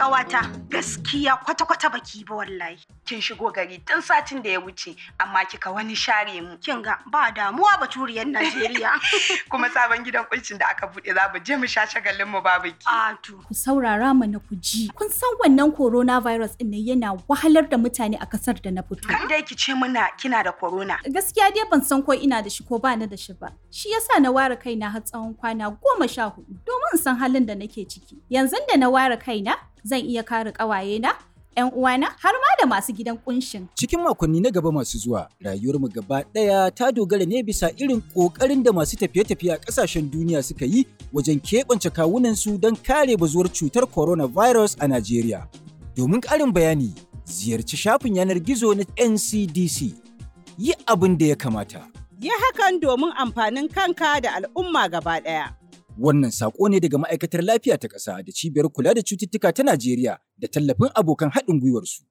kawata gaskiya kwata-kwata baki ba wallahi. Kin shigo gari tun satin da ya wuce amma kika wani share mu. Kin ga ba damuwa baturiyar Najeriya. Kuma sabon gidan kulcin da aka buɗe za mu je mu sha shagalin mu ba biki. A ah, Ku saurara na ku ji. Kun san wannan coronavirus ɗin ne yana wahalar da mutane a kasar da na fito. Kan dai ki ce muna kina da corona. Gaskiya dai ban san ko ina da shi ko ba ni da shi ba. Shi yasa na ware kaina har tsawon kwana goma sha hudu domin in san halin da nake ciki. Yanzu da na ware kaina zan iya kare ƙawayena 'yan uwana har ma da masu gidan kunshin. Cikin makonni na gaba masu zuwa, rayuwarmu gaba ɗaya ta dogara ne bisa irin ƙoƙarin da masu tafiye-tafiye a ƙasashen duniya suka yi wajen keɓance su don kare bazuwar cutar coronavirus a Najeriya. Domin ƙarin bayani, ziyarci shafin yanar gizo na NCDC. Yi abin da ya kamata. Yi hakan domin amfanin kanka da al'umma gaba ɗaya. Wannan saƙo ne daga ma'aikatar lafiya ta ƙasa da cibiyar kula da cututtuka ta Najeriya da tallafin abokan haɗin gwiwarsu.